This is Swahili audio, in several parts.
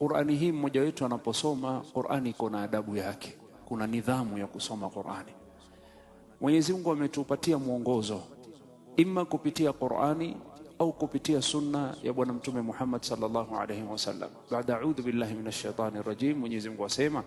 Qurani hii mmoja wetu anaposoma Qurani iko na adabu yake, kuna nidhamu ya kusoma Qurani. Mwenyezi Mungu ametupatia mwongozo imma kupitia Qurani au kupitia sunna ya Bwana Mtume Muhammad sallallahu alaihi wasallam. Baada audhu billahi minash shaitani rajim, Mwenyezi Mungu asema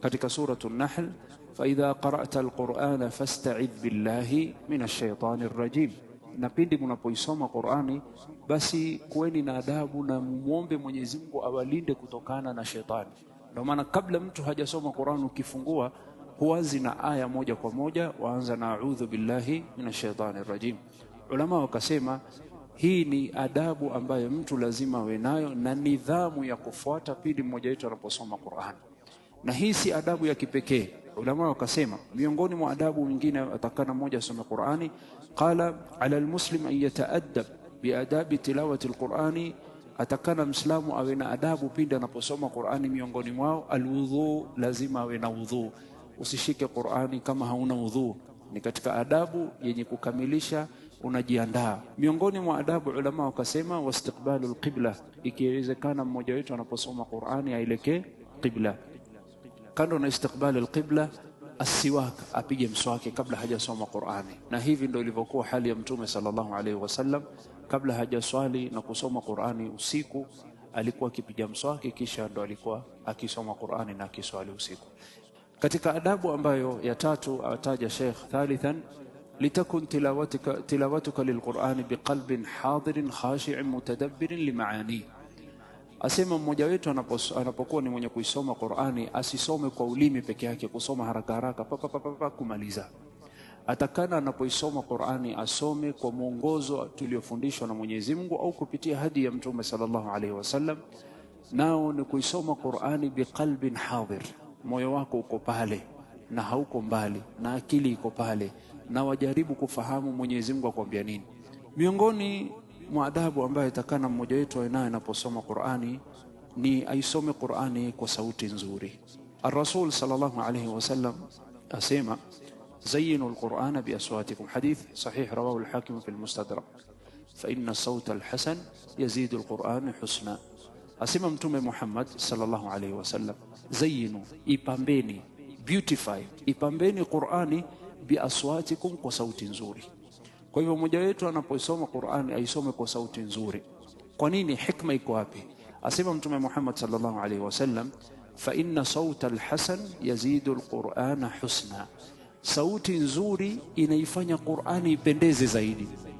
katika suratu Nahl, fa idha qara'ta alqur'ana fasta'idh billahi minash shaitani rajim na pindi mnapoisoma Qur'ani, basi kuweni na adabu na muombe Mwenyezi Mungu awalinde kutokana na shetani. Ndio maana kabla mtu hajasoma Qur'ani, ukifungua huanzi na aya moja kwa moja, waanza na a'udhu billahi minashaitani rajim. Ulama wakasema hii ni adabu ambayo mtu lazima awe nayo na nidhamu ya kufuata pindi mmoja wetu anaposoma Qur'ani, na hii si adabu ya kipekee ulama wakasema miongoni mwa adabu mwingine atakana mmoja asome Qur'ani, qala ala almuslim an yataaddab biadabi tilawati alqur'ani, atakana mslamu awe na adabu pindi anaposoma Qur'ani. Miongoni mwao alwudhu, lazima awe na wudhu. Usishike Qur'ani kama hauna wudhu, ni katika adabu yenye kukamilisha unajiandaa. Miongoni mwa adabu ulama wakasema wastiqbalu qibla ikiwezekana mmoja wetu anaposoma Qur'ani aelekee qibla. kando na istiqbali alqibla asiwak apige mswaki kabla hajasoma Qur'ani na hivi ndio ilivyokuwa hali ya mtume sallallahu alaihi wasallam kabla hajaswali na kusoma Qur'ani usiku alikuwa akipiga mswaki kisha ndo alikuwa akisoma Qur'ani na akiswali usiku katika adabu ambayo ya tatu ataja Sheikh thalithan litakun tilawatuka tilawatuka lilqur'ani biqalbin hadirin khashi'in mutadabbirin limaanihi Asema mmoja wetu anapokuwa ni mwenye kuisoma Qur'ani asisome kwa ulimi peke yake, kusoma haraka haraka pa, kumaliza. Atakana anapoisoma Qur'ani asome kwa mwongozo tuliofundishwa na Mwenyezi Mungu au kupitia hadi ya Mtume sallallahu alaihi wasallam, nao ni kuisoma Qur'ani biqalbin hadhir, moyo wako uko pale na hauko mbali na akili iko pale, na wajaribu kufahamu Mwenyezi Mungu akwambia nini miongoni mwa ambayo itakana mmoja wetu ainayo anaposoma Qur'ani ni aisome Qur'ani kwa sauti nzuri. Ar-Rasul sallallahu alayhi wasallam asema زينوا القرآن بأصواتكم حديث صحيح رواه الحاكم في المستدرك فإن الصوت الحسن يزيد القرآن husna asema mtume Muhammad sallallahu alaihi wasallam zayinu ipambeni beautify ipambeni Qur'ani biaswatikum kwa sauti nzuri Kwa hivyo mmoja wetu anaposoma Qur'ani aisome kwa sauti nzuri. Kwa nini? Hikma iko wapi? Asema Mtume Muhammad sallallahu alaihi wasallam, fa inna sauta alhasan yazidu alqur'ana husna, sauti nzuri inaifanya Qur'ani ipendeze zaidi.